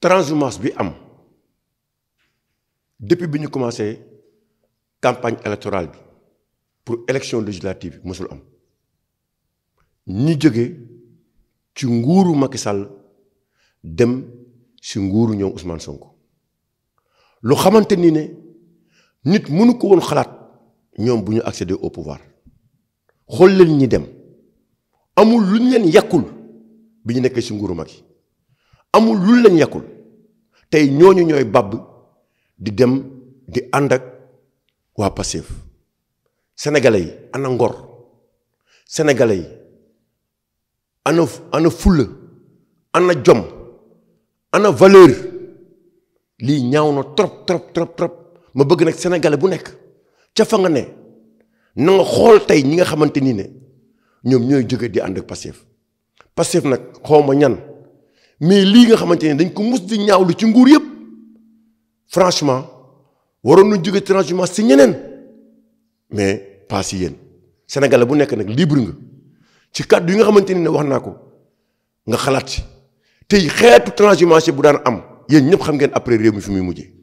transhumance bi am depuis bi ñu commencé campagne électorale bi pour élection législative bi mosul am ñi jóge ci nguuru Macky Sall dem ci nguuru ñoom Ousmane Sonko lu xamante ni ne nit mënu ko woon xalaat ñoom bu ñu accéder au pouvoir xool leen ñi dem amul lu ñu leen yàqul bi ñu nekkee ci nguuru Macky amul lu lañ yekkul tey ñooñu ñooy bàbb di dem di ànd ak waa Pastef sénégalais yi ana ngor sénégalais yi ana ana fulla ana jom ana valeur lii ñaaw na trop trop trop trop ma bëgg nag sénégalais bu nekk ca fa nga ne na xool tey ñi nga xamante nii ne ñoom ñooy jóge di ànd ak Pastef Pastef nag xawma ñan mais lii nga xamante ni dañ ko mus di ñaawlu ci nguur yëpp franchement waroon nañ jóge transhumant si ñeneen mais pas si yéen Sénégalais bu nekk nag libre nga ci kàddu yi nga xamante ne wax naa ko nga xalaat ci tey xeetu transhumance bu daan am yéen ñëpp xam ngeen après réew mujjee.